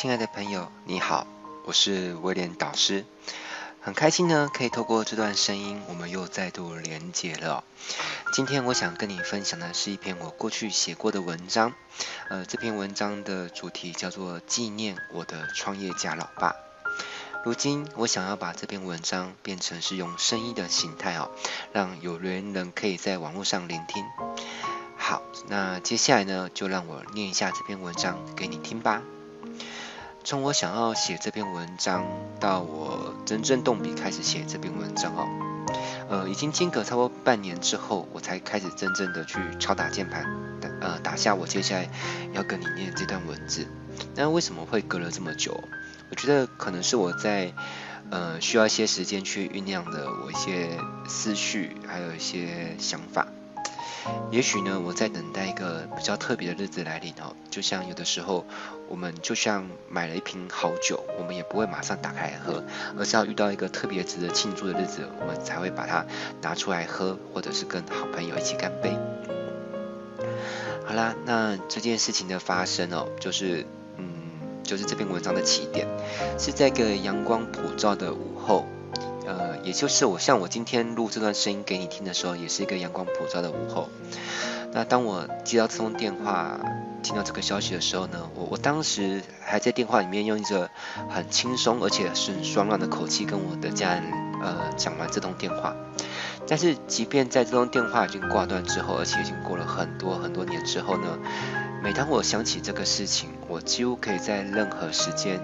親愛的朋友，你好，我是威廉導師，很開心呢，可以透過這段聲音，我們又再度連結了哦。今天我想跟你分享的是一篇我過去寫過的文章，呃，這篇文章的主題叫做《紀念我的創業家老爸》。如今我想要把這篇文章變成是用聲音的形態哦，讓有緣人可以在網絡上聆聽。好，那接下來呢，就讓我念一下這篇文章給你聽吧。從我想要寫這篇文章到我真正動筆開始寫這篇文章哦，呃，已經間隔差不多半年之後，我才開始真正的去敲打鍵盤，打呃打下我接下來要跟你念這段文字。那為什麼會隔了這麼久？我覺得可能是我在呃需要一些時間去醞釀的我一些思緒，還有一些想法。也許呢，我在等待一個比較特別的日子來臨哦。就像有的時候，我們就像買了一瓶好酒，我們也不會馬上打開來喝，而是要遇到一個特別值得慶祝的日子，我們才會把它拿出來喝，或者是跟好朋友一起乾杯。好啦，那這件事情的發生哦，就是嗯，就是這篇文章的起點，是在一個陽光普照的午後。也就是我像我今天錄這段聲音給你聽的時候，也是一個陽光普照的午後。那當我接到這通電話，聽到這個消息的時候呢，我我當時還在電話裡面用一個很輕鬆，而且是很爽朗的口氣跟我的家人呃講完這通電話。但是即便在這通電話已經掛斷之後，而且已經過了很多很多年之後呢，每當我想起這個事情，我幾乎可以在任何時間、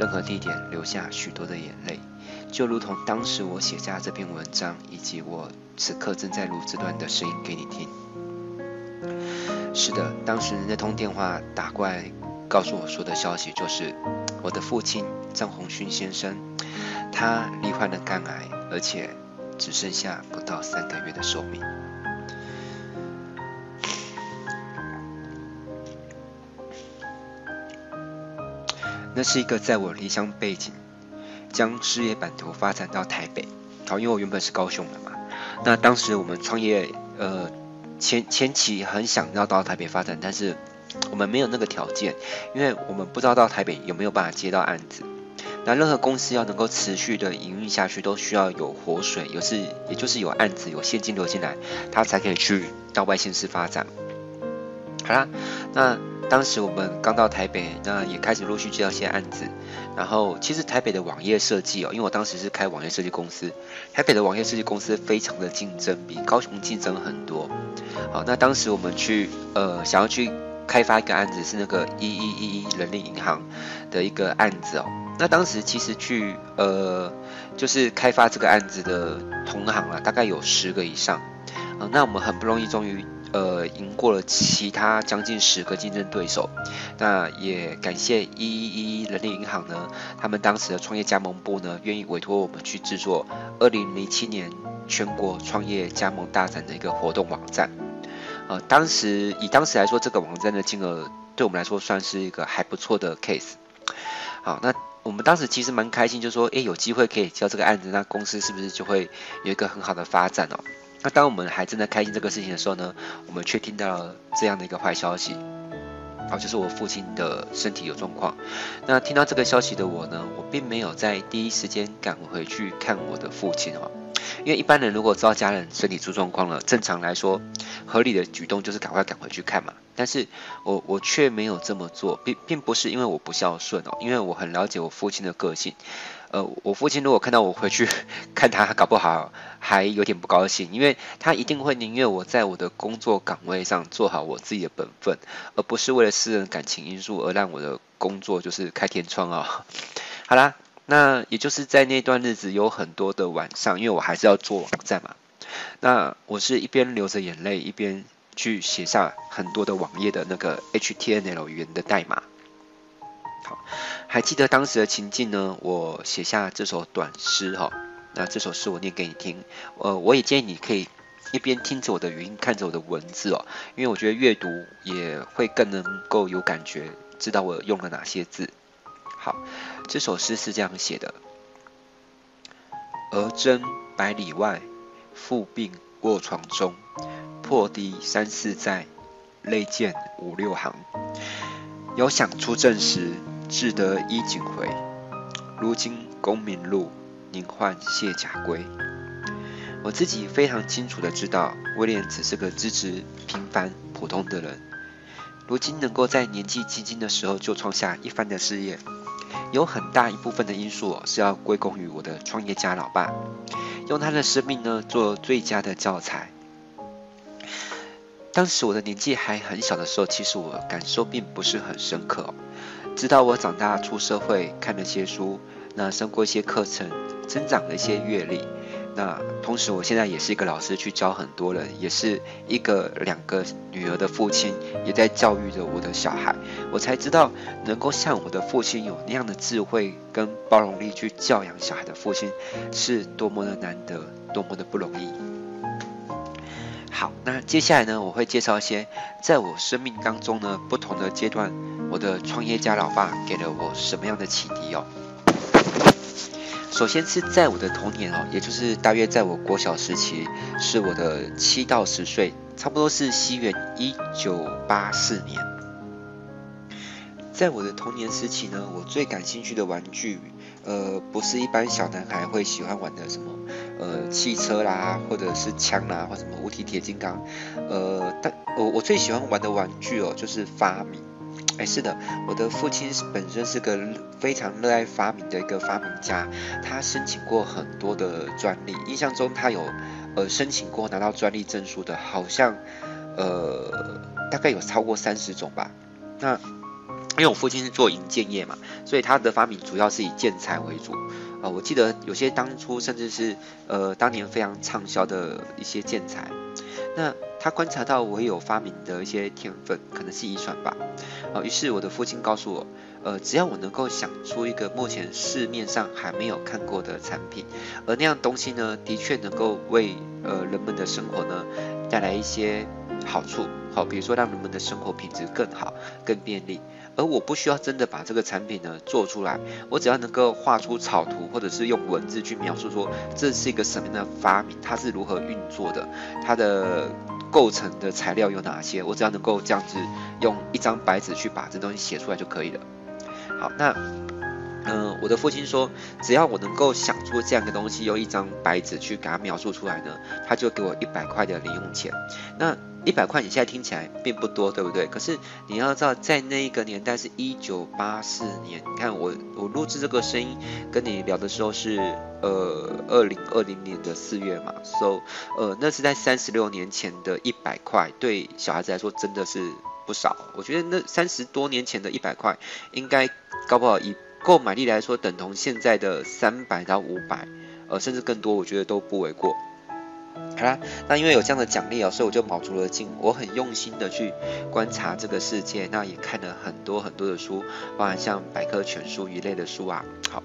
任何地點流下許多的眼淚。就如同當時我寫下的這篇文章，以及我此刻正在錄這段的聲音給你聽。是的，當時那通電話打過來，告訴我說的消息就是，我的父親張鴻勳先生他罹患了肝癌，而且只剩下不到三個月的壽命。那是一個在我離鄉背景。將事業版圖發展到台北，好，因為我原本是高雄的嘛。那當時我們創業，呃，前前期很想要到台北發展，但是我們沒有那個條件，因為我們不知道到台北有沒有辦法接到案子。那任何公司要能夠持續的營運下去，都需要有活水，有是也就是有案子，有現金流進來，他才可以去到外縣市發展。好啦，那。當時我們剛到台北，那也開始陸續接到一些案子。然後其實台北的網頁設計哦，因為我當時是開網頁設計公司，台北的網頁設計公司非常的競爭，比高雄競爭很多。好，那當時我們去呃想要，去開發一個案子，是那個一一一一人力銀行的一個案子哦。那當時其實去呃就是開發這個案子的同行啊，大概有十個以上。呃，那我們很不容易，終於。呃，贏過了其他將近十個競爭對手，那也感謝一一一一人力銀行呢，他們當時的創業加盟部呢，願意委托我們去制作二零零七年全國創業加盟大展的一個活動網站，呃，當時以當時來說，這個網站的金額對我們來說算是一個還不錯的 case。好，那我們當時其實蠻開心，就說，哎，有機會可以接到這個案子，那公司是不是就會有一個很好的發展哦？那當我們還正在開心這個事情的時候呢，我們卻聽到了這樣的一個壞消息，哦，就是我父親的身體有狀況。那聽到這個消息的我呢，我並沒有在第一時間趕回去看我的父親哦，因為一般人如果知道家人身體出狀況了，正常來說合理的舉動就是趕快趕回去看嘛。但是我我卻沒有這麼做，並並不是因為我不孝順哦，因為我很了解我父親的個性。呃，我父親如果看到我回去看他，搞不好還有點不高興，因為他一定會寧願我在我的工作崗位上做好我自己的本分，而不是為了私人感情因素而讓我的工作就是開天窗哦。好啦，那也就是在那段日子有很多的晚上，因為我還是要做網站嘛，那我是一邊流着眼淚一邊去寫下很多的網頁的那個 HTML 語言的代碼。好，還記得當時的情境呢？我寫下這首短詩哈、喔，那這首詩我念給你聽。呃，我也建議你可以一邊聽着我的語音，看着我的文字哦、喔，因為我覺得閱讀也會更能夠有感覺，知道我用了哪些字。好，這首詩是這樣寫的：兒真百里外，父病臥床中，破敵三四在，淚濺五六行。有想出證時。志得衣錦回，如今功名路，寧換卸甲歸。我自己非常清楚的知道，威廉只是個資質平凡、普通的人。如今能夠在年紀輕輕的時候就創下一番的事業，有很大一部分的因素是要歸功於我的創業家老爸，用他的生命呢，做最佳的教材。當時我的年紀還很小的時候，其實我感受並不是很深刻。直到我長大出社會，看了些書，那上過一些課程，增長了一些閱歷。那同時，我現在也是一個老師，去教很多人，也是一個兩個女兒的父親，也在教育着我的小孩。我才知道，能夠像我的父親有那樣的智慧跟包容力去教養小孩的父親，是多麼的難得，多麼的不容易。好，那接下來呢，我會介紹一些在我生命當中呢，不同的階段，我的創業家老爸給了我什麼樣的啟迪哦。首先是在我的童年哦，也就是大約在我國小時期，是我的七到十歲，差不多是西元一九八四年。在我的童年時期呢，我最感興趣的玩具。呃，不是一般小男孩會喜歡玩的什麼，呃，汽車啦，或者是槍啦，或什麼無敵鐵金剛，呃，但我、呃、我最喜歡玩的玩具哦，就是發明。哎，是的，我的父親本身是個非常熱愛發明的一個發明家，他申請過很多的專利，印象中他有呃申請過拿到專利證書的，好像呃大概有超過三十種吧。那因為我父親是做營建業嘛，所以他的發明主要是以建材為主。啊、呃，我記得有些當初甚至是呃當年非常暢銷的一些建材。那他觀察到我有發明的一些天分，可能是遺傳吧。啊、呃，於是我的父親告訴我，呃，只要我能夠想出一個目前市面上還沒有看過的產品，而那樣東西呢，的確能夠為呃人們的生活呢帶來一些好處。好，比如說讓人們的生活品質更好、更便利，而我不需要真的把這個產品呢做出來，我只要能夠畫出草圖，或者是用文字去描述說，這是一個什麼樣的發明，它是如何運作的，它的構成的材料有哪些，我只要能夠這樣子用一張白紙去把這東西寫出來就可以了。好，那嗯、呃，我的父親說，只要我能夠想出這樣的東西，用一張白紙去給他描述出來呢，他就給我一百塊的零用錢。那一百塊，你現在聽起來並不多，對不對？可是你要知道，在那一個年代是1984年，你看我我錄制這個聲音跟你聊的時候是呃2020年的四月嘛，so 呃那是在三十六年前的一百塊，對小孩子來說真的是不少。我覺得那三十多年前的一百塊，應該高不好一。購買力來說，等同現在的三百到五百，呃，甚至更多，我覺得都不為過。好啦，那因為有這樣的獎勵哦，所以我就卯足了勁，我很用心的去觀察這個世界，那也看了很多很多的書，包含像百科全書一類的書啊。好，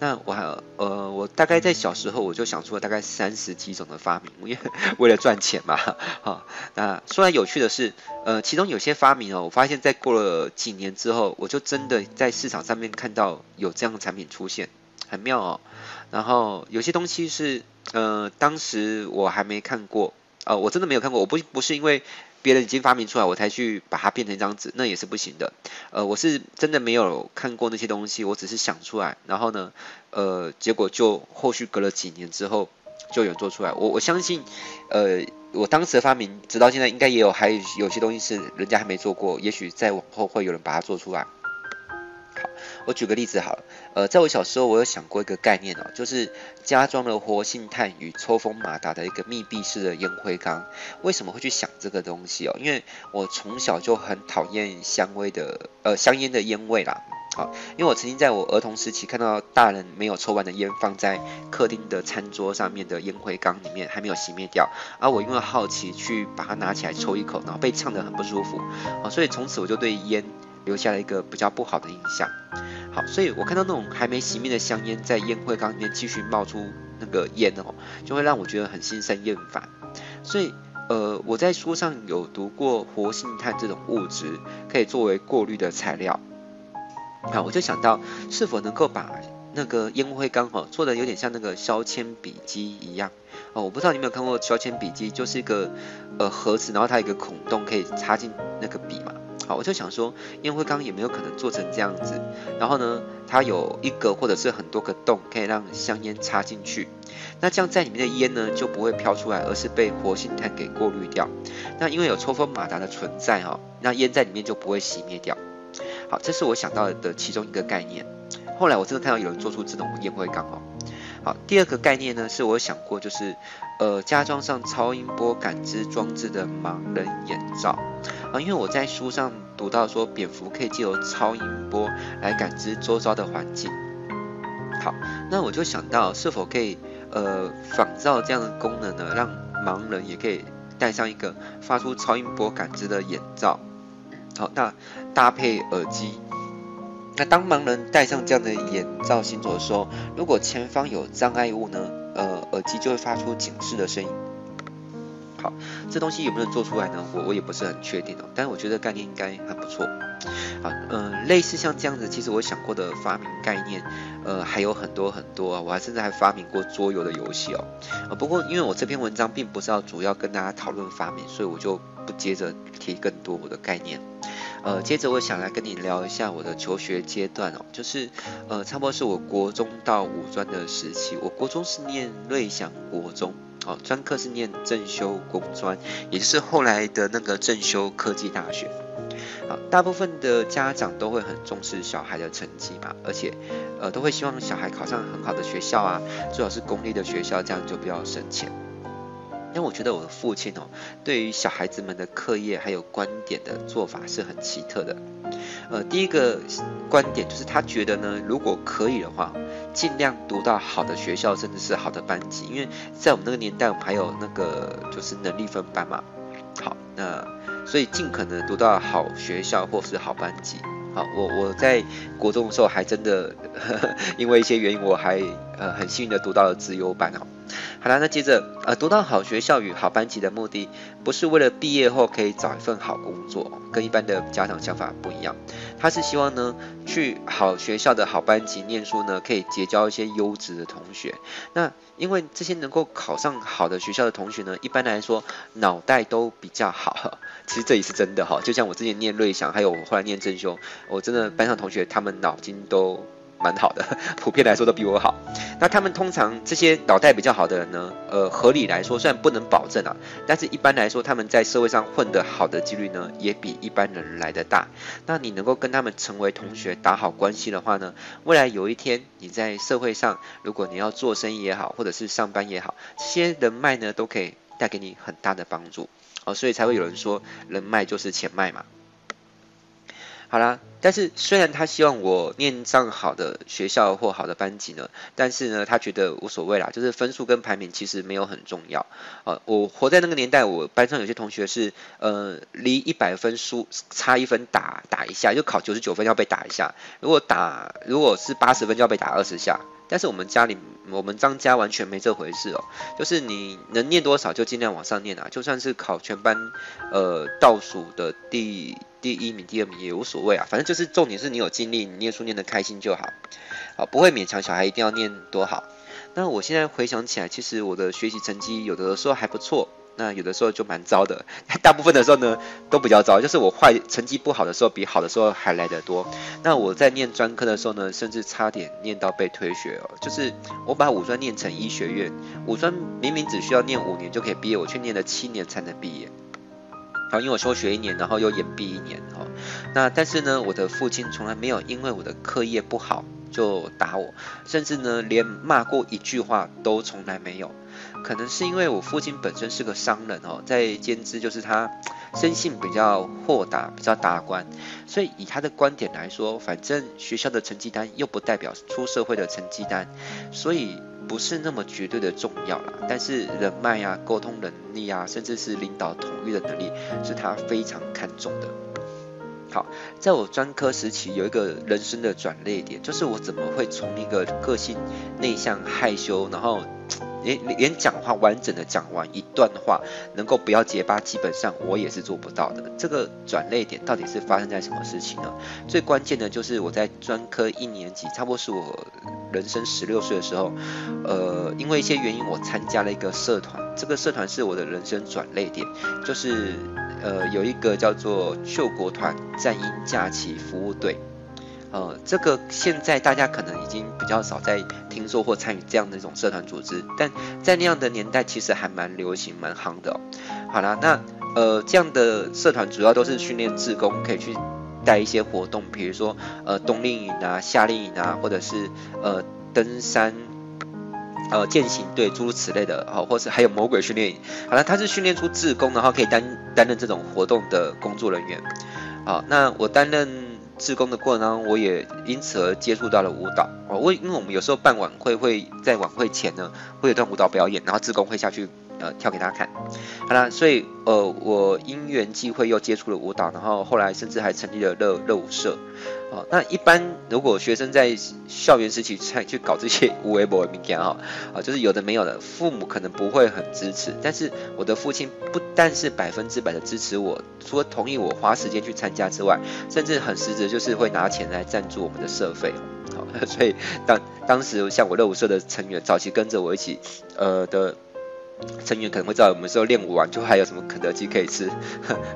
那我還呃，我大概在小時候我就想出了大概三十幾種的發明，因為為了賺錢嘛。哈，那說來有趣的是，呃，其中有些發明哦，我發現在過了幾年之後，我就真的在市場上面看到有這樣的產品出現。很妙哦，然後有些東西是，呃，當時我還沒看過，呃，我真的沒有看過。我不不是因為別人已經發明出來，我才去把它變成一張紙，那也是不行的，呃，我是真的沒有看過那些東西，我只是想出來。然後呢，呃，結果就後續隔了幾年之後就有人做出來。我我相信，呃，我當時的發明直到現在應該也有還有，有些東西是人家還沒做過，也許再往後會有人把它做出來。我舉個例子好了，呃，在我小時候，我有想過一個概念哦，就是加裝了活性炭與抽風馬達的一個密閉式的菸灰缸。為什麼會去想這個東西哦？因為我從小就很討厭香味的，呃，香菸的菸味啦，好、哦，因為我曾經在我兒童時期看到大人沒有抽完的菸放在客廳的餐桌上面的菸灰缸裡面還沒有熄滅掉，而、啊、我因為好奇去把它拿起來抽一口，然後被嗆得很不舒服，啊、哦，所以從此我就對菸留下了一個比較不好的印象。好，所以，我看到那種還沒熄滅的香煙在煙灰缸裡面繼續冒出那個煙哦，就會讓我覺得很心生厭煩。所以，呃，我在書上有讀過活性炭這種物質可以作為過濾的材料。啊，我就想到是否能夠把那個煙灰缸哈、哦、做的有點像那個削鉛筆機一樣哦。我不知道你有沒有看過削鉛筆機，就是一個呃盒子，然後它有一個孔洞可以插進那個筆嘛。好，我就想說，煙灰缸也沒有可能做成這樣子，然後呢，它有一格或者是很多個洞，可以讓香菸插進去，那這樣在裡面的煙呢就不會飄出來，而是被活性炭給過濾掉。那因為有抽風馬達的存在哈、哦，那煙在裡面就不會熄滅掉。好，這是我想到的其中一個概念。後來我真的看到有人做出這種煙灰缸哦。好，第二個概念呢，是我想過，就是，呃，加裝上超音波感知裝置的盲人眼罩啊，因為我在書上讀到說，蝙蝠可以借由超音波來感知周遭的環境。好，那我就想到，是否可以呃仿照這樣的功能呢，讓盲人也可以戴上一個發出超音波感知的眼罩。好，那搭配耳機。那當盲人戴上這樣的眼罩行走的時候，如果前方有障礙物呢，呃，耳機就會發出警示的聲音。好，這東西有沒有做出來呢？我我也不是很確定哦。但是我覺得概念應該很不錯。好，嗯、呃，類似像這樣子，其實我想過的發明概念，呃，還有很多很多。啊。我還甚至還發明過桌遊的遊戲哦，呃。不過因為我這篇文章並不是要主要跟大家討論發明，所以我就不接着提更多我的概念。呃，接着我想來跟你聊一下我的求學階段哦，就是呃，差不多是我國中到五專的時期。我國中是念瑞祥國中哦，專科是念正修工專，也就是後來的那個正修科技大學。呃，大部分的家長都會很重視小孩的成績嘛，而且呃，都會希望小孩考上很好的學校啊，最好是公立的學校，這樣就比較省錢。因為我覺得我的父親哦，對於小孩子們的課業還有觀點的做法是很奇特的。呃，第一個觀點就是他覺得呢，如果可以的話，儘量讀到好的學校，甚至是好的班級，因為在我們那個年代，我們還有那個就是能力分班嘛。好，那所以儘可能讀到好學校或是好班級。好，我我在國中的時候還真的，呵呵，因為一些原因我還。呃，很幸運的讀到了資優班哦。好啦，那接着呃，讀到好學校與好班級的目的，不是為了畢業後可以找一份好工作，跟一般的家長想法不一樣。他是希望呢，去好學校的好班級唸書呢，可以結交一些優質的同學。那因為這些能夠考上好的學校的同學呢，一般來說腦袋都比較好。其實這也是真的哈，就像我之前唸瑞祥，還有我後來唸正修，我真的班上的同學他們腦筋都。蠻好的，普遍來說都比我好。那他們通常這些腦袋比較好的人呢，呃，合理來說雖然不能保證啊，但是一般來說他們在社會上混得好的幾率呢，也比一般人來得大。那你能夠跟他們成為同學打好關係的話呢，未來有一天你在社會上，如果你要做生意也好，或者是上班也好，這些人脈呢都可以帶給你很大的幫助。哦，所以才會有人說人脈就是錢脈嘛。好啦，但是雖然他希望我念上好的學校或好的班級呢，但是呢，他覺得無所謂啦，就是分數跟排名其實沒有很重要。啊、呃，我活在那個年代，我班上有些同學是，呃，離一百分輸，差一分打，打一下，就考九十九分要被打一下，如果打，如果是八十分就要被打二十下。但是我們家裡，我們張家完全沒這回事哦，就是你能念多少就儘量往上念啊，就算是考全班，呃，倒數的第第一名、第二名也無所謂啊，反正就是重點是你有盡力，你念書念得開心就好，啊，不會勉強小孩一定要念多好。那我現在回想起來，其實我的學習成績有的時候還不錯。那有的時候就蠻糟的，大部分的時候呢都比較糟，就是我壞成績不好的時候比好的時候還來得多。那我在念專科的時候呢，甚至差點念到被退學哦，就是我把五專念成醫學院，五專明明只需要念五年就可以畢業，我卻念了七年才能畢業，然後因為我休學一年，然後又延畢一年哦。那但是呢，我的父親從來沒有因為我的課業不好就打我，甚至呢連罵過一句話都從來沒有。可能是因為我父親本身是個商人哦，在兼之，就是他，生性比較豁達，比較達觀，所以以他的觀點來說，反正學校的成績單又不代表出社會的成績單，所以不是那麼絕對的重要啦。但是人脈啊、溝通能力啊，甚至是領導統御的能力，是他非常看重的。好，在我專科時期有一個人生的轉捩點，就是我怎麼會從一個個性內向、害羞，然後，連，連講話完整的講完一段話，能夠不要結巴，基本上我也是做不到的。這個轉捩點到底是發生在什麼事情呢？最關鍵的就是我在專科一年級，差不多是我人生十六歲的時候，呃，因為一些原因，我參加了一個社團，這個社團是我的人生轉捩點，就是呃，有一個叫做救國團戰鷹假期服務隊。呃，這個現在大家可能已經比較少在聽說或參與這樣的一種社團組織，但在那樣的年代，其實還蠻流行蠻夯的哦。好了，那呃，這樣的社團主要都是訓練志工，可以去帶一些活動，比如說呃冬令營啊、夏令營啊，或者是呃登山、呃健行隊諸如此類的哦，或是還有魔鬼訓練營。好了，它是訓練出志工，然後可以擔擔任這種活動的工作人員。好，那我擔任。志工的過程當中，我也因此而接觸到了舞蹈。我因為我們有時候辦晚會，會在晚會前呢，會有段舞蹈表演，然後志工會下去。呃，跳給大家看，好了，所以呃，我因緣際會又接觸了舞蹈，然後後來甚至還成立了熱舞社、呃。那一般如果學生在校園時期才去搞這些無為博民間哈啊，就是有的沒有的，父母可能不會很支持。但是我的父親不但是百分之百的支持我，除了同意我花時間去參加之外，甚至很實質就是會拿錢來贊助我們的社費、呃。所以當當時像我熱舞社的成員，早期跟着我一起呃的。成員可能會知道有有時、啊，我們候練舞完就還有什麼肯德基可以吃，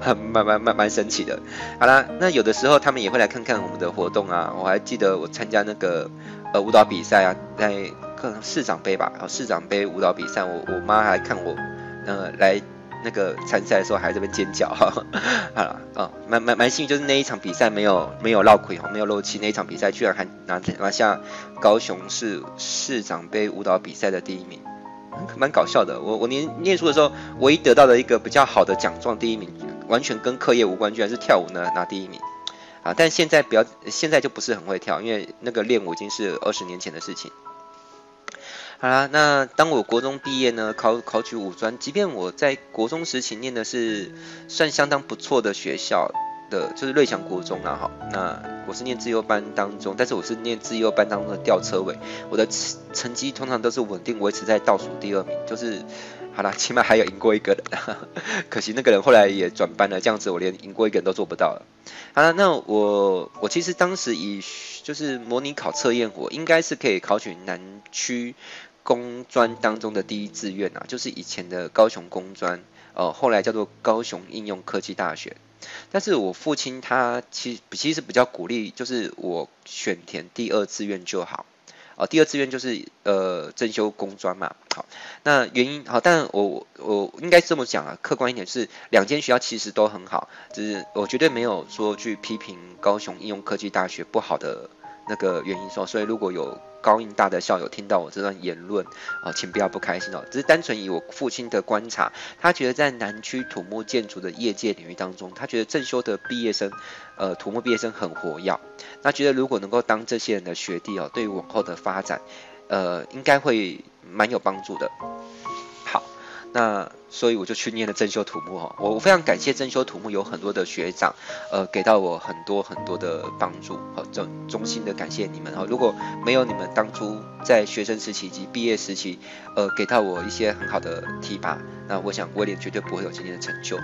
蠻蠻蠻蠻神奇的。好啦，那有的時候他們也會來看看我們的活動啊。我還記得我參加那個呃舞蹈比賽啊，在可能市長杯吧，後、哦、市長杯舞蹈比賽，我我媽還看我，呃來那個參賽的時候還在這邊尖叫哈。好了，哦，蠻蠻蠻幸運，就是那一場比賽沒有沒有落虧哈、哦，沒有漏氣，那一場比賽居然還拿拿下高雄市市長杯舞蹈比賽的第一名。蠻搞笑的，我我念念書的時候，唯一得到的一個比較好的獎狀，第一名，完全跟課業無關，居然是跳舞呢拿第一名，啊！但現在比較現在就不是很會跳，因為那個練舞已經是二十年前的事情。好啦，那當我國中畢業呢，考考取五專，即便我在國中時期念的是算相當不錯的學校。的就是瑞祥國中啦，啊，哈，那我是念資優班當中，但是我是念資優班當中的吊車尾，我的成績通常都是穩定維持在倒數第二名，就是好了，起碼還有贏過一個人， 可惜那個人後來也轉班了，這樣子我連贏過一個人都做不到了。好了，那我我其實當時以就是模擬考測驗，我應該是可以考取南區工專當中的第一志願啊，就是以前的高雄工專，呃，後來叫做高雄應用科技大學。但是我父親他其實其實比較鼓勵，就是我選填第二志願就好，哦、啊，第二志願就是呃，正修工專嘛。好，那原因好，但我我應該這麼講啊，客觀一點、就是，兩間學校其實都很好，就是我絕對沒有說去批評高雄應用科技大學不好的那個原因說，所以如果有。高應大的校友聽到我這段言論啊、呃，請不要不開心哦。只是單純以我父親的觀察，他覺得在南區土木建築的業界領域當中，他覺得正修的畢業生，呃，土木畢業生很活躍。那覺得如果能夠當這些人的學弟哦、呃，對於往後的發展，呃，應該會蠻有幫助的。好，那。所以我就去念了正修土木哦，我我非常感謝正修土木有很多的學長，呃，給到我很多很多的幫助，好、呃，真衷心的感謝你們哈，如果沒有你們當初在學生時期以及畢業時期，呃，給到我一些很好的提拔，那我想我也絕對不會有今天的成就哦。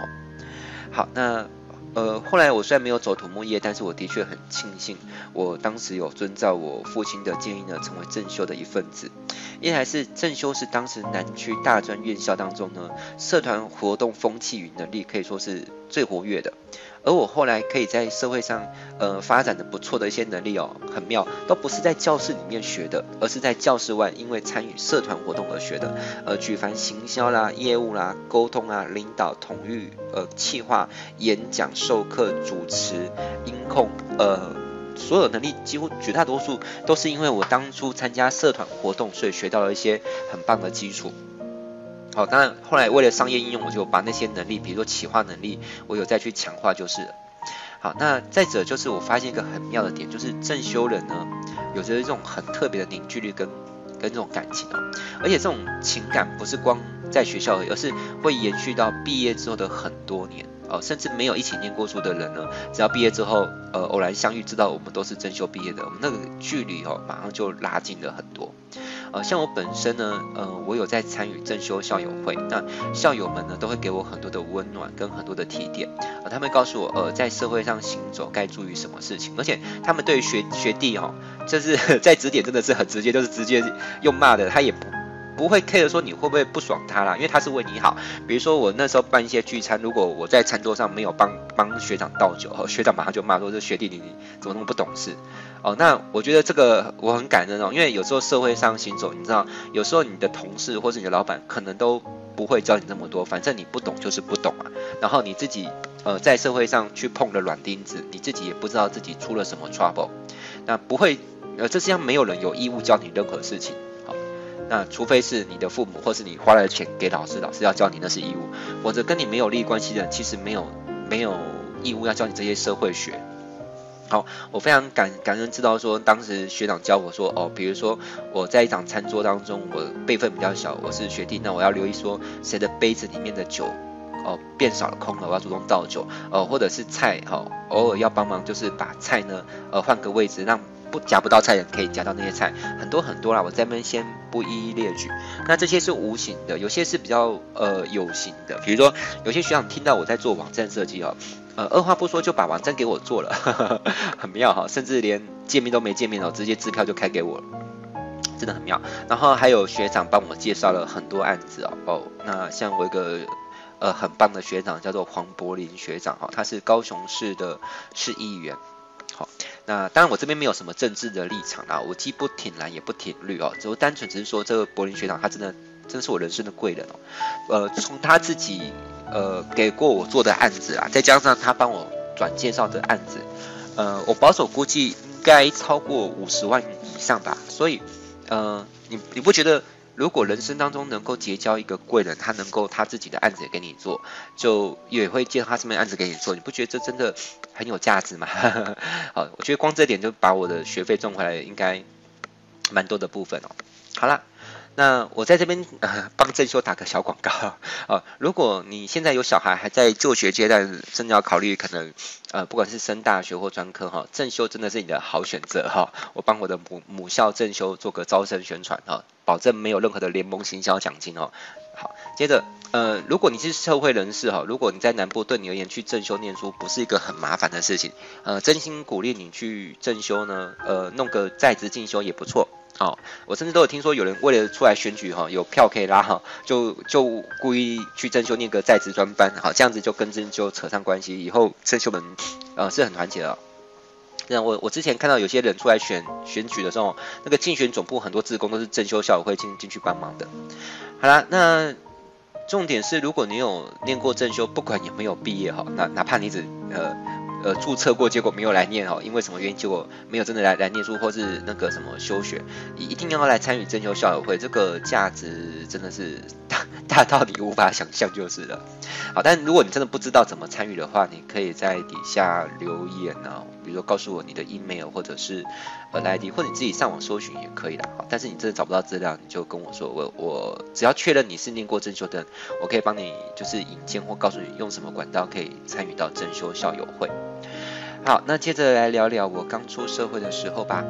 好，那。呃，後來我雖然沒有走土木業，但是我的確很慶幸，我當時有遵照我父親的建議呢，成為正修的一份子，因為還是正修是當時南區大專院校當中呢，社團活動風氣與能力可以說是最活躍的。而我後來可以在社會上，呃，發展的不錯的一些能力哦，很妙，都不是在教室裡面學的，而是在教室外，因為參與社團活動而學的。呃，舉凡行銷啦、業務啦、溝通啦、領導統御、呃、企劃、演講、授課、主持、音控，呃，所有能力幾乎絕大多數都是因為我當初參加社團活動，所以學到了一些很棒的基礎。好，哦，那後來為了商業應用，我就把那些能力，比如說企劃能力，我有再去強化，就是了。好，那再者就是我發現一個很妙的點，就是正修人呢，有着這種很特別的凝聚力跟跟這種感情哦，而且這種情感不是光在學校而已，而是會延續到畢業之後的很多年。哦、呃，甚至沒有一起念過書的人呢，只要畢業之後，呃，偶然相遇，知道我們都是正修畢業的，我們那個距離哦、喔，馬上就拉近了很多。呃，像我本身呢，呃，我有在參與正修校友會，那校友們呢，都會給我很多的溫暖跟很多的提點，呃，他們告訴我，呃，在社會上行走該注意什麼事情，而且他們對於學學弟哦、喔，這、就是 在指點，真的是很直接，就是直接用罵的，他也不。不會 care 說你會不會不爽他啦，因為他是為你好。比如說我那時候辦一些聚餐，如果我在餐桌上沒有幫幫學長倒酒，學長馬上就罵說，這學弟，你你怎麼那麼不懂事。哦，那我覺得這個我很感恩哦，因為有時候社會上行走，你知道有時候你的同事或是你的老闆可能都不會教你這麼多，反正你不懂就是不懂啊。然後你自己呃在社會上去碰了軟釘子，你自己也不知道自己出了什麼 trouble。那不會呃，這世上沒有人有義務教你任何事情。那除非是你的父母，或是你花了錢給老師，老師要教你那是義務；或者跟你沒有利益關係的，其實沒有沒有義務要教你這些社會學。好，我非常感感恩知道說，當時學長教我說，哦，比如說我在一場餐桌當中，我輩分比較小，我是學弟，那我要留意說誰的杯子裡面的酒哦變少了空了，我要主動倒酒哦，或者是菜哦，偶爾要幫忙就是把菜呢呃換個位置讓。不夾不到菜人可以夾到那些菜，很多很多啦，我這邊先不一一列舉。那這些是無形的，有些是比較呃有形的，比如說有些學長聽到我在做網站設計哦，呃二話不說就把網站給我做了， 很妙哈、哦，甚至連見面都沒見面哦，直接支票就開給我了，真的很妙。然後還有學長幫我介紹了很多案子哦哦，那像我一個呃很棒的學長叫做黃柏林學長哈、哦，他是高雄市的市議員。好，那當然我這邊沒有什麼政治的立場啊，我既不挺藍也不挺綠哦，只就單純只是說這個柏林學長他真的，真的是我人生的貴人哦，呃，從他自己呃給過我做的案子啊，再加上他幫我轉介紹的案子，呃，我保守估計應該超過五十萬以上吧，所以，呃你你不覺得？如果人生當中能夠結交一個貴人，他能夠他自己的案子也給你做，就也會借他這邊案子給你做，你不覺得這真的很有價值嗎？ 好，我覺得光這點就把我的學費賺回來，應該蠻多的部分哦。好啦，那我在這邊、呃、幫正修打個小廣告、啊、如果你現在有小孩還在就學階段，正要考慮可能呃，不管是升大學或專科哈，正修真的是你的好選擇哈、啊！我幫我的母母校正修做個招生宣傳哈。啊保證沒有任何的聯盟行銷獎金哦。好，接着，呃，如果你是社會人士哈，如果你在南部對你而言去正修念書不是一個很麻煩的事情，呃，真心鼓勵你去正修呢，呃，弄個在職進修也不錯哦。我甚至都有聽說有人為了出來選舉哈、哦，有票可以拉哈、哦，就就故意去正修念個在職專班，好、哦，這樣子就跟正修扯上關係，以後正修們呃是很團結的、哦。那、嗯、我我之前看到有些人出來選選舉的時候，那個競選總部很多志工都是正修校友會進進去幫忙的。好啦，那重點是，如果你有唸過正修，不管有沒有畢業哈，那哪怕你只呃呃註冊過，結果沒有來念哦，因為什麼原因結果沒有真的來來念書，或是那個什麼休學，一定要來參與正修校友會，這個價值真的是大大到你無法想象就是了。好，但如果你真的不知道怎麼參與的話，你可以在底下留言哦。比如說告訴我你的 email 或者是呃 ID 或者你自己上網搜尋也可以的，好，但是你真的找不到資料，你就跟我說，我我只要確認你是念過正修的，我可以幫你就是引薦或告訴你用什麼管道可以參與到正修校友會。好，那接着來聊聊我剛出社會的時候吧。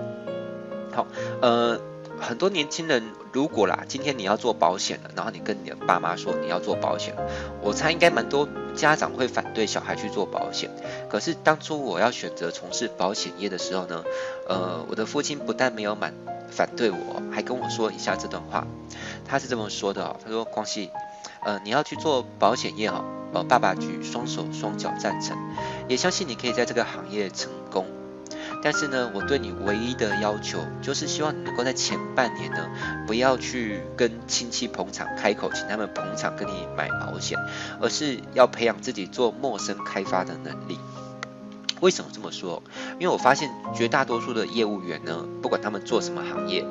好，呃。很多年輕人，如果啦，今天你要做保險了，然後你跟你的爸媽說你要做保險，我猜應該蠻多家長會反對小孩去做保險。可是當初我要選擇從事保險業的時候呢，呃，我的父親不但沒有滿，反對我，還跟我說以下這段話，他是這麼說的哦，他說光熙，呃，你要去做保險業哦，呃，爸爸舉雙手雙腳贊成，也相信你可以在這個行業成功。但是呢，我對你唯一的要求就是希望你能夠在前半年呢，不要去跟親戚捧場，開口請他們捧場，跟你買保險，而是要培養自己做陌生開發的能力。為什麼這麼說？因為我發現絕大多數的業務員呢，不管他們做什麼行業，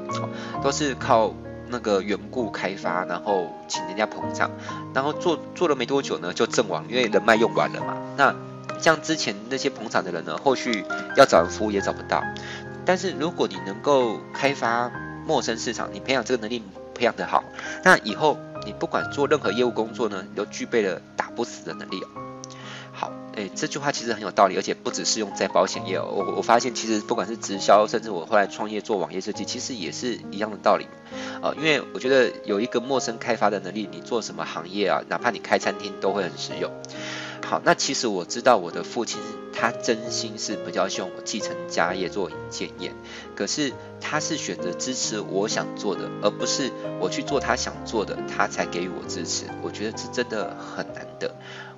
都是靠那個緣故開發，然後請人家捧場，然後做做了沒多久呢，就陣亡，因為人脈用完了嘛。那像之前那些捧場的人呢，後續要找人服務也找不到。但是如果你能夠開發陌生市場，你培養這個能力培養得好，那以後你不管做任何業務工作呢，你都具備了打不死的能力。好，哎，這句話其實很有道理，而且不只是用在保險業。我我發現其實不管是直銷，甚至我後來創業做網頁設計，其實也是一樣的道理。呃，因為我覺得有一個陌生開發的能力，你做什麼行業啊，哪怕你開餐廳都會很實用。好，那其實我知道我的父親，他真心是比較希望我繼承家業做營建業，可是他是選擇支持我想做的，而不是我去做他想做的，他才給予我支持。我覺得這真的很難得。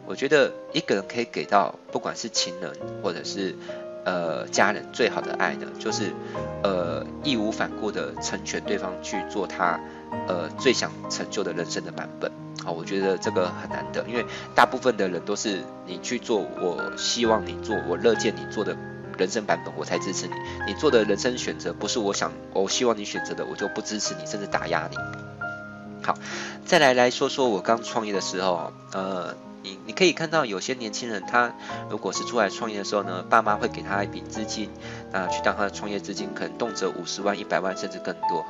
我覺得一個人可以給到，不管是親人或者是。呃，家人最好的愛呢，就是，呃，義無反顧地成全對方去做他，呃，最想成就的人生的版本。好，哦，我覺得這個很難得，因為大部分的人都是你去做，我希望你做，我樂見你做的人生版本，我才支持你。你做的人生選擇不是我想、我希望你選擇的，我就不支持你，甚至打壓你。好，再來來說說我剛創業的時候，呃。你你可以看到有些年輕人，他如果是出來創業的時候呢，爸媽會給他一筆資金，啊、呃，去當他的創業資金，可能動輒五十萬、一百萬，甚至更多。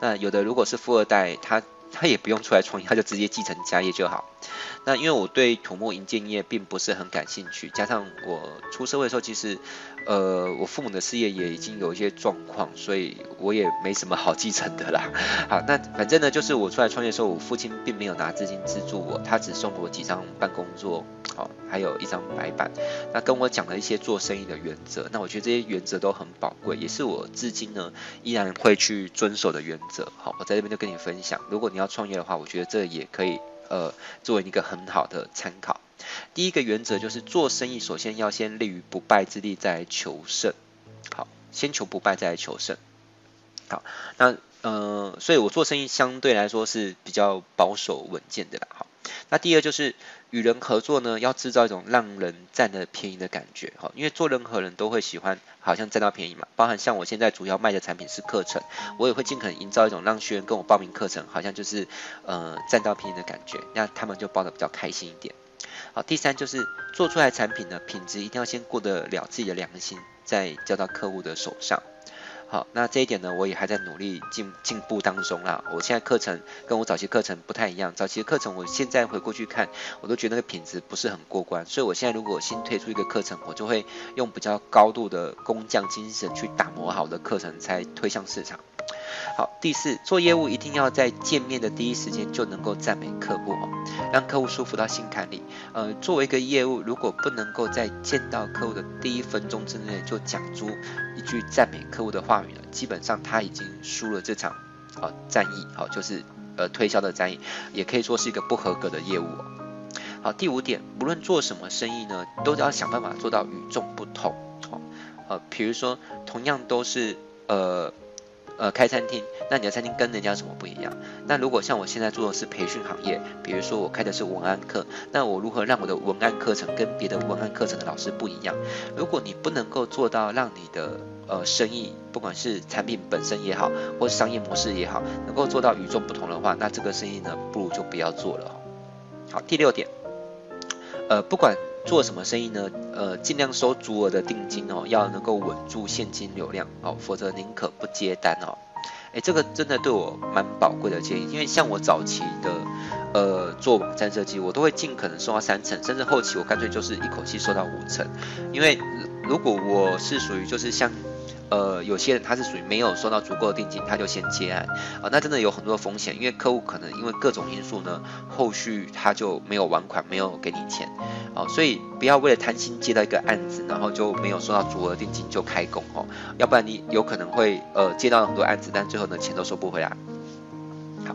那有的如果是富二代，他他也不用出來創業，他就直接繼承家業就好。那因為我對土木營建業並不是很感興趣，加上我出社會的時候，其實。呃，我父母的事業也已經有一些狀況，所以我也沒什麼好繼承的啦。好，那反正呢，就是我出來創業的時候，我父親並沒有拿資金資助我，他只送過我幾張辦公桌，好，還有一張白板。那跟我講了一些做生意的原則，那我覺得這些原則都很寶貴，也是我至今呢依然會去遵守的原則。好，我在這邊就跟你分享，如果你要創業的話，我覺得這也可以，呃，作為一個很好的參考，第一個原則就是做生意，首先要先立於不敗之地，再求勝。好，先求不敗，再求勝。好，那呃，所以我做生意相對來說是比較保守穩健的啦。好。那第二就是與人合作呢，要制造一種讓人占得便宜的感覺哈，因為做任何人都會喜歡，好像占到便宜嘛。包含像我現在主要賣的產品是課程，我也會盡可能營造一種讓學員跟我報名課程，好像就是呃占到便宜的感覺，那他們就報的比較開心一點。好，第三就是做出來的產品呢，品質一定要先過得了自己的良心，再交到客戶的手上。好，那這一點呢，我也還在努力進進步當中啦。我現在課程跟我早期課程不太一樣，早期的課程我現在回過去看，我都覺得那個品質不是很過關。所以，我現在如果新推出一個課程，我就會用比較高度的工匠精神去打磨好的課程才推向市場。好，第四，做業務一定要在見面的第一時間就能夠讚美客戶哦，讓客戶舒服到心坎裡。呃，作為一個業務，如果不能夠在見到客戶的第一分鐘之內就講出一句讚美客戶的話語呢，基本上他已經輸了這場，啊，哦，戰役，哦，就是呃，推銷的戰役，也可以說是一個不合格的業務哦。好，第五點，不論做什麼生意呢，都要想辦法做到與眾不同。呃，哦，哦，比如說，同樣都是呃。呃，開餐廳，那你的餐廳跟人家什麼不一樣？那如果像我現在做的是培訓行業，比如說我開的是文案課，那我如何讓我的文案課程跟別的文案課程的老師不一樣？如果你不能夠做到讓你的呃生意，不管是產品本身也好，或是商業模式也好，能夠做到與眾不同的話，那這個生意呢，不如就不要做了。好，第六點，呃，不管。做什麼生意呢？呃，儘量收足額的定金哦，要能夠穩住現金流量哦，否則寧可不接單哦。誒，這個真的對我蠻寶貴的建議，因為像我早期的呃做網站設計，我都會儘可能收到三成，甚至後期我乾脆就是一口氣收到五成，因為如果我是屬於就是像。呃，有些人他是屬於沒有收到足夠的定金，他就先接案啊，呃，那真的有很多風險，因為客戶可能因為各種因素呢，後續他就沒有還款，沒有給你錢，哦，呃，所以不要為了貪心接到一個案子，然後就沒有收到足額定金就開工哦，要不然你有可能會呃接到很多案子，但最後呢錢都收不回來。好，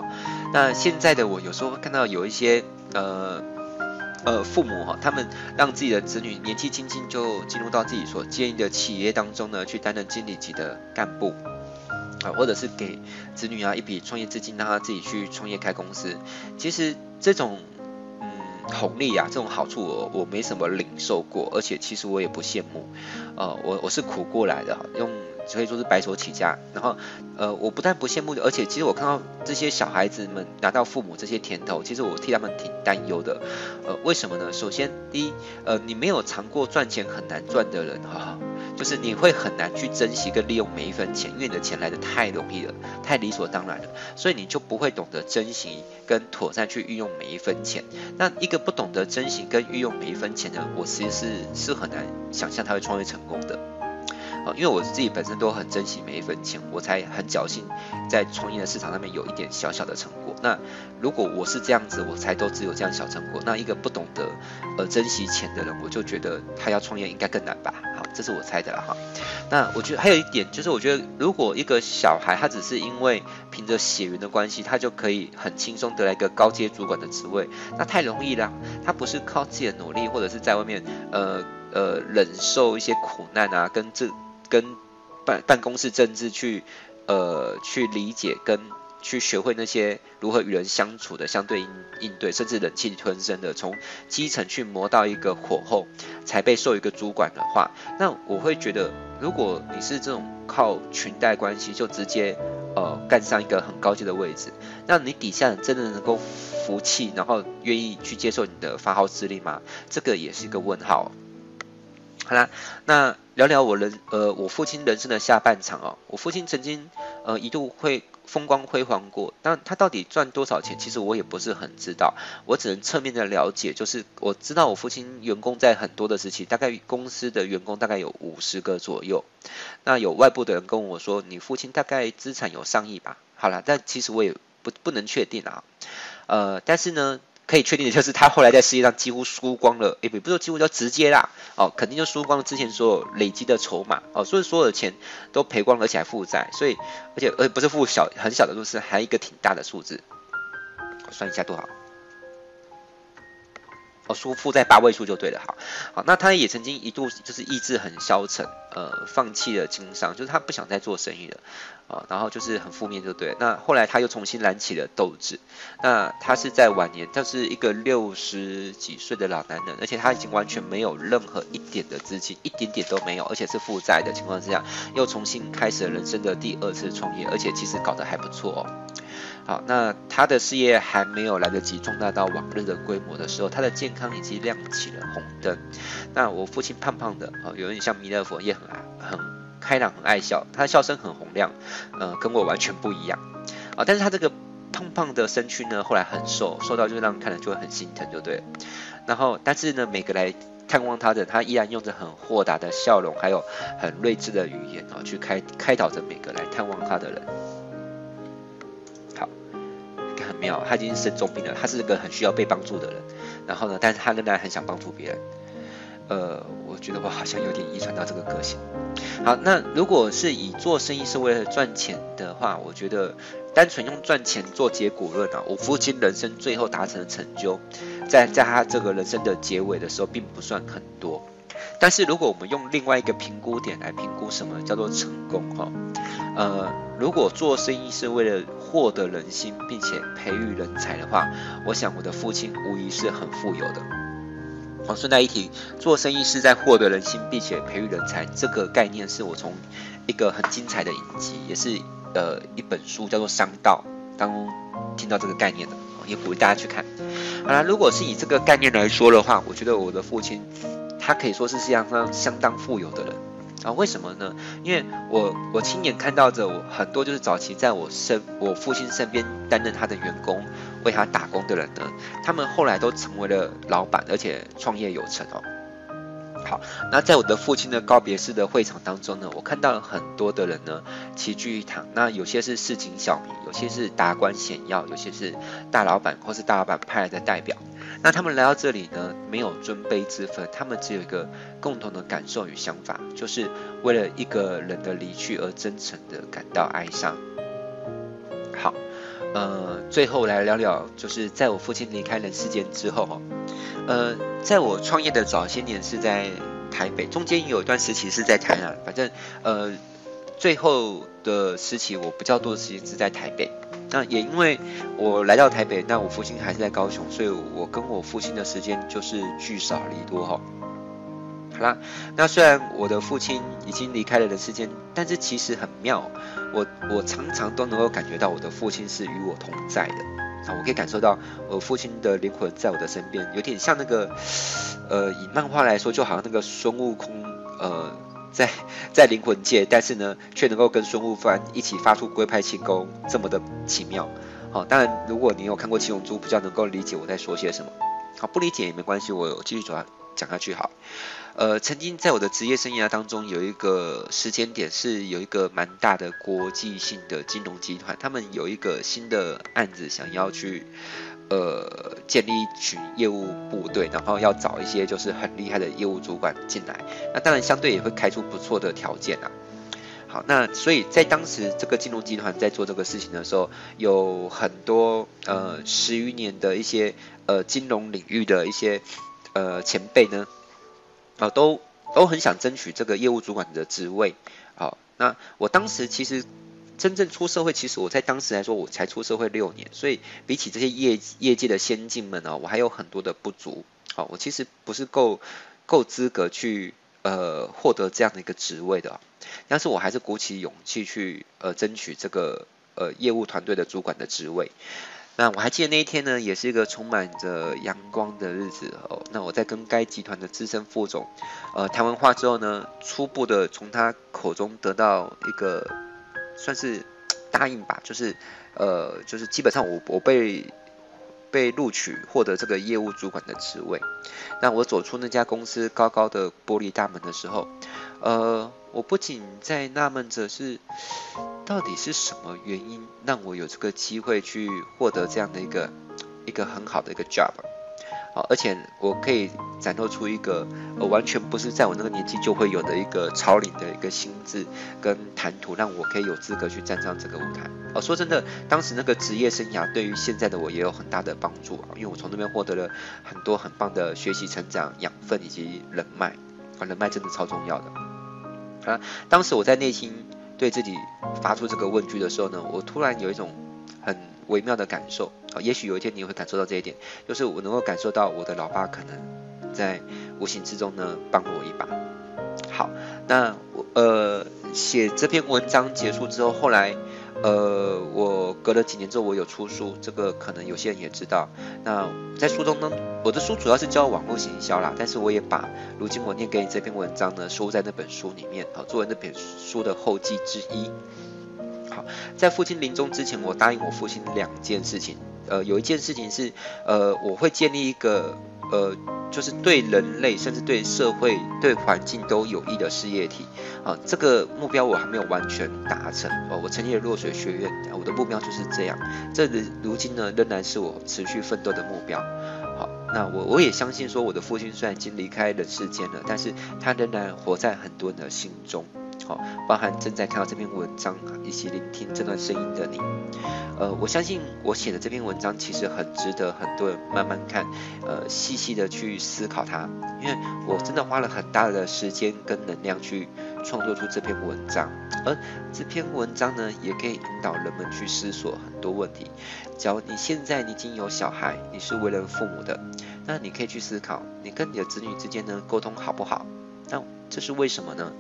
那現在的我有時候會看到有一些呃。呃，父母哈、哦，他們讓自己的子女年紀輕輕就進入到自己所經營的企業當中呢，去擔任經理級的幹部，啊、呃，或者是給子女啊一筆創業資金，讓他自己去創業開公司。其實這種嗯紅利啊，這種好處我我沒什麼領受過，而且其實我也不羨慕，呃，我我是苦過來的，用。只可以說是白手起家，然後，呃，我不但不羨慕，而且其實我看到這些小孩子們拿到父母這些甜頭，其實我替他們挺擔憂的。呃，為什麼呢？首先，第一，呃，你沒有嘗過賺錢很難賺的人哈、哦，就是你會很難去珍惜跟利用每一分錢，因為你的錢來的太容易了，太理所當然了，所以你就不會懂得珍惜跟妥善去運用每一分錢。那一個不懂得珍惜跟運用每一分錢的，我其實是是很難想象他會創業成功的。因為我自己本身都很珍惜每一分錢，我才很僥倖在創業的市場上面有一點小小的成果。那如果我是這樣子，我才都只有這樣小成果。那一個不懂得呃珍惜錢的人，我就覺得他要創業應該更難吧？好，這是我猜的啦哈。那我覺得還有一點就是，我覺得如果一個小孩他只是因為憑着血緣的關係，他就可以很輕鬆得來一個高階主管的職位，那太容易了。他不是靠自己的努力，或者是在外面呃呃忍受一些苦難啊，跟這。跟辦辦公室政治去，呃，去理解跟去學會那些如何與人相處的相對應應對，甚至忍氣吞聲的從基層去磨到一個火候，才被授一個主管的話，那我會覺得，如果你是這種靠裙帶關係就直接呃幹上一個很高級的位置，那你底下人真的能夠服氣，然後願意去接受你的發號施令嗎？這個也是一個問號。好啦，那聊聊我人呃，我父親人生的下半場哦。我父親曾經呃一度會風光輝煌過，但他到底賺多少錢，其實我也不是很知道。我只能側面的了解，就是我知道我父親員工在很多的時期，大概公司的員工大概有五十個左右。那有外部的人跟我說，你父親大概資產有上億吧？好啦，但其實我也不不能確定啊。呃，但是呢。可以確定的就是，他後來在世界上幾乎輸光了，也、欸、不是說幾乎，叫直接啦，哦，肯定就輸光了之前所有累積的籌碼哦，所以所有的錢都賠光了起來，而且還負債，所以而且而不是負小很小的數字，還一個挺大的數字，我、哦、算一下多少，哦，輸負債八位數就對了，好，好，那他也曾經一度就是意志很消沉，呃，放棄了經商，就是他不想再做生意了。啊，然後就是很負面，就對。那後來他又重新燃起了鬥志。那他是在晚年，他是一個六十幾歲的老男人，而且他已經完全沒有任何一點的資金，一點點都沒有，而且是負債的情況之下，又重新開始了人生的第二次創業，而且其實搞得還不錯哦。好，那他的事業還沒有來得及壯大到往日的規模的時候，他的健康已經亮起了紅燈。那我父親胖胖的，哦，有點像彌勒佛，也很矮，很開朗，很愛笑，他的笑聲很洪亮，呃，跟我完全不一樣，啊、哦，但是他這個胖胖的身軀呢，後來很瘦，瘦到就是讓人看了就會很心疼，就對。然後，但是呢，每個來探望他的，他依然用着很豁達的笑容，還有很睿智的語言，哦，去開開導着每個來探望他的人。好，很妙，他已經生重病了，他是個很需要被幫助的人，然後呢，但是他仍然很想幫助別人。呃，我覺得我好像有點遺傳到這個個性。好，那如果是以做生意是為了賺錢的話，我覺得單純用賺錢做結果論啊，我父親人生最後達成的成就，在在他這個人生的結尾的時候，並不算很多。但是如果我們用另外一個評估點來評估，什麼叫做成功？哈，呃，如果做生意是為了獲得人心，並且培育人才的話，我想我的父親無疑是很富有的。好，順帶一提，做生意是在獲得人心並且培育人才，這個概念是我從一個很精彩的影集，也是呃一本書，叫做《商道》，當中聽到這個概念的。哦，也鼓勵大家去看。好啦，如果是以這個概念來說的話，我覺得我的父親，他可以說是相當相當富有的人。啊、哦，為什麼呢？因為我我親眼看到着我很多就是早期在我身我父親身邊擔任他的員工，為他打工的人呢，他們後來都成為了老闆，而且創業有成哦。好，那在我的父親的告別式的會場當中呢，我看到了很多的人呢齊聚一堂，那有些是市井小民，有些是達官顯要，有些是大老闆或是大老闆派來的代表。那他們來到這裡呢，沒有尊卑之分，他們只有一個共同的感受與想法，就是為了一個人的離去而真誠的感到哀傷。好，呃，最後來聊聊，就是在我父親離開人世間之後，呃，在我創業的早些年是在台北，中間有一段時期是在台南，反正，呃，最後的時期，我比較多時期是在台北。那也因為我來到台北，那我父親還是在高雄，所以我跟我父親的時間就是聚少離多哈。好啦，那雖然我的父親已經離開了人世間，但是其實很妙，我我常常都能夠感覺到我的父親是與我同在的啊，我可以感受到我父親的靈魂在我的身邊，有點像那個呃，以漫畫來說，就好像那個孫悟空呃。在在靈魂界，但是呢，卻能夠跟孫悟飯一起發出龜派氣功，這麼的奇妙。好，哦，當然如果你有看過《七龍珠》，比較能夠理解我在說些什麼。好，不理解也沒關係，我繼續走講下去。好，呃，曾經在我的職業生涯當中，有一個時間點是有一個蠻大的國際性的金融集團，他們有一個新的案子想要去。呃，建立一群業務部隊，然後要找一些就是很厲害的業務主管進來。那當然，相對也會開出不錯的條件啊。好，那所以在當時這個金融集團在做這個事情的時候，有很多呃十餘年的一些呃金融領域的一些呃前輩呢，啊、呃，都都很想爭取這個業務主管的職位。好，那我當時其實。真正出社會，其實我在當時來說，我才出社會六年，所以比起這些業業界的先進們啊、哦，我還有很多的不足。好，哦，我其實不是夠夠資格去呃獲得這樣的一個職位的，哦，但是我還是鼓起勇氣去呃爭取這個呃業務團隊的主管的職位。那我還記得那一天呢，也是一個充滿着陽光的日子哦。那我在跟該集團的資深副總呃談完話之後呢，初步的從他口中得到一個。算是答應吧，就是，呃，就是基本上我我被被錄取，獲得這個業務主管的職位。那我走出那家公司高高的玻璃大門的時候，呃，我不禁在納悶着是到底是什麼原因讓我有這個機會去獲得這樣的一個一個很好的一個 job。而且我可以展露出一個呃，完全不是在我那個年紀就會有的一個超齡的一個心智跟談吐，讓我可以有資格去站上這個舞台。哦，啊，說真的，當時那個職業生涯對於現在的我也有很大的幫助啊，因為我從那邊獲得了很多很棒的學習、成長、養分以及人脈。啊，人脈真的超重要的。啊，當時我在內心對自己發出這個問句的時候呢，我突然有一種很微妙的感受。也許有一天你會感受到這一點，就是我能夠感受到我的老爸可能在無形之中呢幫了我一把。好，那呃寫這篇文章結束之後，後來呃我隔了幾年之後我有出書，這個可能有些人也知道。那在書中呢，我的書主要是教網絡行銷啦，但是我也把如今我念給你這篇文章呢收在那本書裡面，好作為那本書的後記之一。好，在父親臨終之前，我答應我父親兩件事情。呃，有一件事情是，呃，我會建立一個，呃，就是對人類甚至對社會、對環境都有益的事業體啊。這個目標我還沒有完全達成哦、啊。我成立了落水學院、啊，我的目標就是這樣。這如今呢，仍然是我持續奮鬥的目標。好、啊，那我我也相信說，我的父親雖然已經離開人世間了，但是他仍然活在很多人的心中。好、哦，包含正在看到這篇文章一起聆聽這段聲音的你，呃，我相信我寫的這篇文章其實很值得很多人慢慢看，呃，細細的去思考它，因為我真的花了很大的時間跟能量去創作出這篇文章，而這篇文章呢，也可以引導人們去思索很多問題。假如你現在你已經有小孩，你是為人父母的，那你可以去思考，你跟你的子女之間呢溝通好不好？那這是為什麼呢？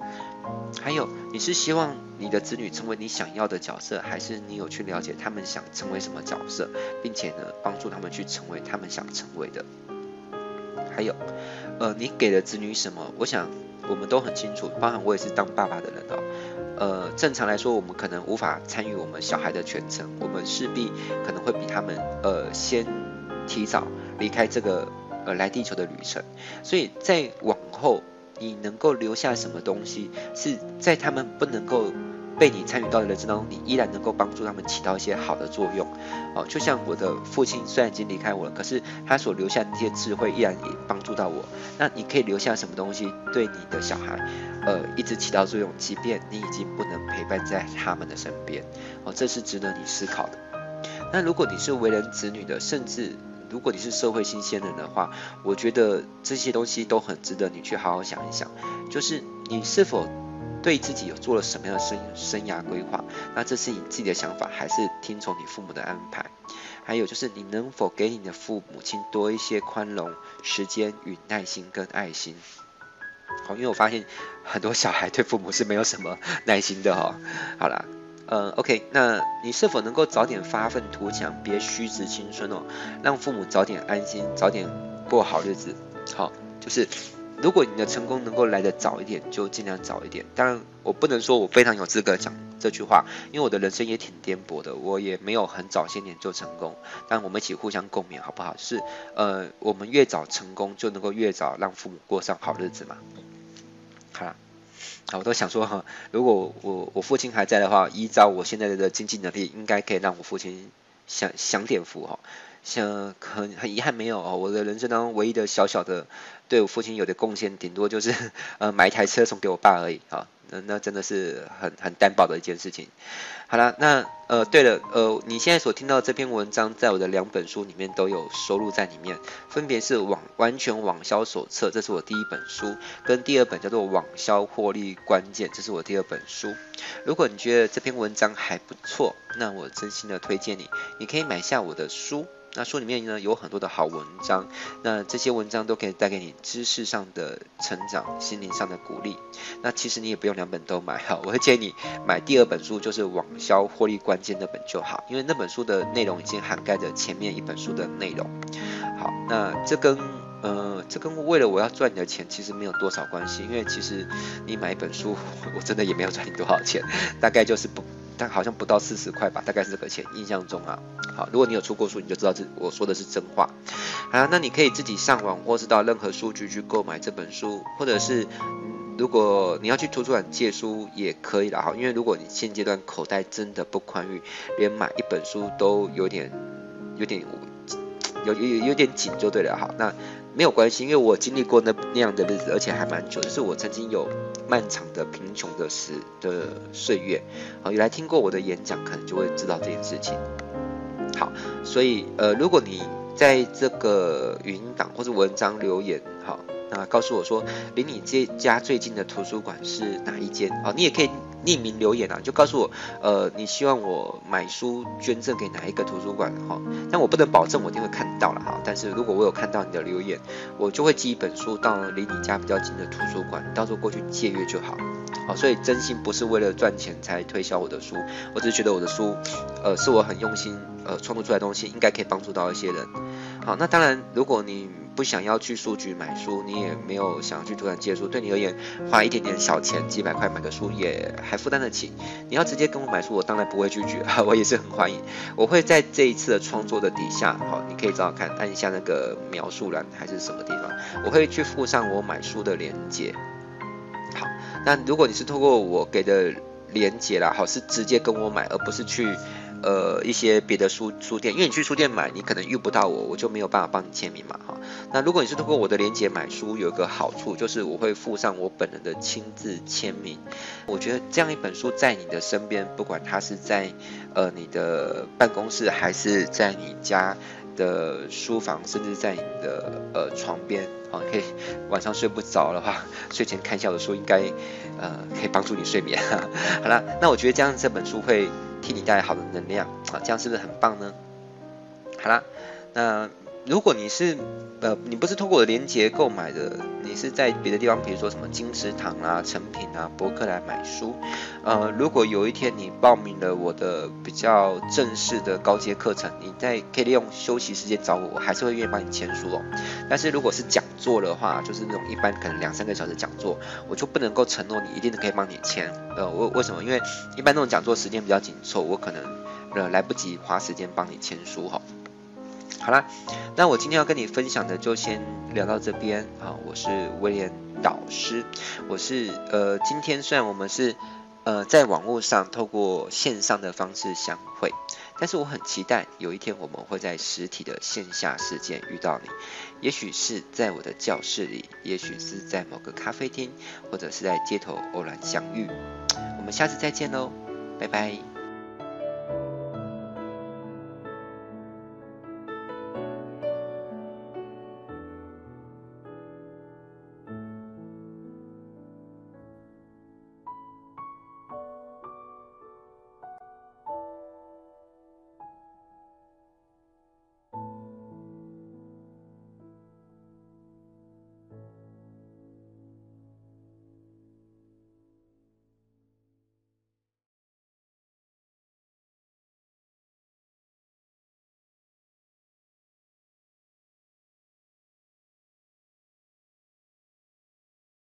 還有，你是希望你的子女成為你想要的角色，還是你有去了解他們想成為什麼角色，並且呢，幫助他們去成為他們想成為的？還有，呃，你給了子女什麼？我想我們都很清楚，包含我也是當爸爸的人哦。呃，正常來說，我們可能無法參與我們小孩的全程，我們勢必可能會比他們呃先提早離開這個呃來地球的旅程，所以在往後。你能夠留下什麼東西？是在他們不能夠被你參與到的人生當中，你依然能夠幫助他們起到一些好的作用。哦、呃，就像我的父親雖然已經離開我了，可是他所留下的那些智慧依然也幫助到我。那你可以留下什麼東西對你的小孩，呃，一直起到作用，即便你已經不能陪伴在他們的身邊。哦、呃，這是值得你思考的。那如果你是為人子女的，甚至。如果你是社會新鮮人的話，我覺得這些東西都很值得你去好好想一想，就是你是否對自己有做了什麼樣的生生涯規劃？那這是你自己的想法，還是聽從你父母的安排？還有就是你能否給你的父母親多一些寬容、時間與耐心跟愛心？好，因為我發現很多小孩對父母是沒有什麼耐心的哈，哦。好啦。嗯，呃，OK，那你是否能夠早點發憤圖強，別虛擲青春哦，讓父母早點安心，早點過好日子，好，就是如果你的成功能夠來得早一點，就儘量早一點。當然，我不能說我非常有資格講這句話，因為我的人生也挺顛簸的，我也沒有很早些年就成功。但我們一起互相共勉，好不好？是，呃，我們越早成功，就能夠越早讓父母過上好日子嘛。啊，我都想說哈，如果我我父親還在的話，依照我現在的經濟能力，應該可以讓我父親享享點福哈，像很很遺憾沒有哦，我的人生當中唯一的小小的。對我父親有的貢獻，頂多就是呃買一台車送給我爸而已啊。那、呃、那真的是很很單薄的一件事情。好啦，那呃對了呃，你現在所聽到的這篇文章，在我的兩本書裡面都有收錄在裡面，分別是網完全網銷手冊，這是我第一本書，跟第二本叫做網銷獲利關鍵，這是我第二本書。如果你覺得這篇文章還不錯，那我真心的推薦你，你可以買下我的書，那書裡面呢有很多的好文章，那這些文章都可以帶給你知識上的成長，心靈上的鼓勵，那其實你也不用兩本都買哈，我會建議你買第二本書，就是網銷獲利關鍵那本就好，因為那本書的內容已經涵蓋着前面一本書的內容。好，那這跟呃這跟為了我要賺你的錢其實沒有多少關係，因為其實你買一本書，我真的也沒有賺你多少錢，大概就是不。但好像不到四十塊吧，大概是這個錢，印象中啊，好，如果你有出過書，你就知道這我說的是真話，好、啊，那你可以自己上網或是到任何書局去購買這本書，或者是如果你要去圖書館借書也可以了哈，因為如果你現階段口袋真的不寬裕，連買一本書都有點有點有有有，有，有點緊就對了哈，那沒有關係，因為我經歷過那那樣的日子，而且還蠻久，就是我曾經有。漫長的貧窮的時的歲月，好、啊，有來聽過我的演講，可能就會知道這件事情。好，所以呃，如果你在這個語音檔或者文章留言，好，那告訴我說，離你這家最近的圖書館是哪一間？哦、啊，你也可以。匿名留言啊，就告訴我，呃，你希望我買書捐贈給哪一個圖書館哈、哦。但我不能保證我一定會看到了哈、哦。但是如果我有看到你的留言，我就會寄一本書到離你家比較近的圖書館，你到時候過去借閱就好。好、哦，所以真心不是為了賺錢才推銷我的書。我只是覺得我的書，呃，是我很用心呃創作出來的東西，應該可以幫助到一些人。好、哦，那當然如果你。不想要去書局買書，你也沒有想要去圖書館借書，對你而言，花一點點小錢幾百塊買個書也還負擔得起。你要直接跟我買書，我當然不會拒絕，我也是很歡迎。我會在這一次的創作的底下，好，你可以找找看，按一下那個描述欄還是什麼地方，我會去附上我買書的鏈接。好，那如果你是透過我給的鏈接啦，好，是直接跟我買，而不是去。呃，一些別的書書店，因為你去書店買，你可能遇不到我，我就沒有辦法幫你簽名嘛哈、哦。那如果你是通過我的連接買書，有一個好處就是我會附上我本人的親自簽名。我覺得這樣一本書在你的身邊，不管它是在呃你的辦公室，還是在你家的書房，甚至在你的呃床邊，好、哦、可以晚上睡不着的話，睡前看一下我的書應該呃可以幫助你睡眠。呵呵好了，那我覺得這樣這本書會。替你帶來好的能量啊，這樣是不是很棒呢？好啦，那。如果你是呃，你不是通過我的連結購買的，你是在別的地方，比如說什麼金石堂啊、誠品啊、博客來買書，呃，如果有一天你報名了我的比較正式的高階課程，你在可以利用休息時間找我，我還是會願意幫你簽書哦。但是如果是講座的話，就是那種一般可能兩三個小時講座，我就不能夠承諾你一定可以幫你簽。呃，為為什麼？因為一般那種講座時間比較緊湊，我可能呃來不及花時間幫你簽書哈、哦。好啦，那我今天要跟你分享的就先聊到這邊啊！我是威廉導師，我是呃，今天雖然我們是呃在網絡上透過線上的方式相會，但是我很期待有一天我們會在實體的線下世界遇到你，也許是在我的教室裡，也許是在某個咖啡廳，或者是在街頭偶然相遇。我們下次再見嘍，拜拜。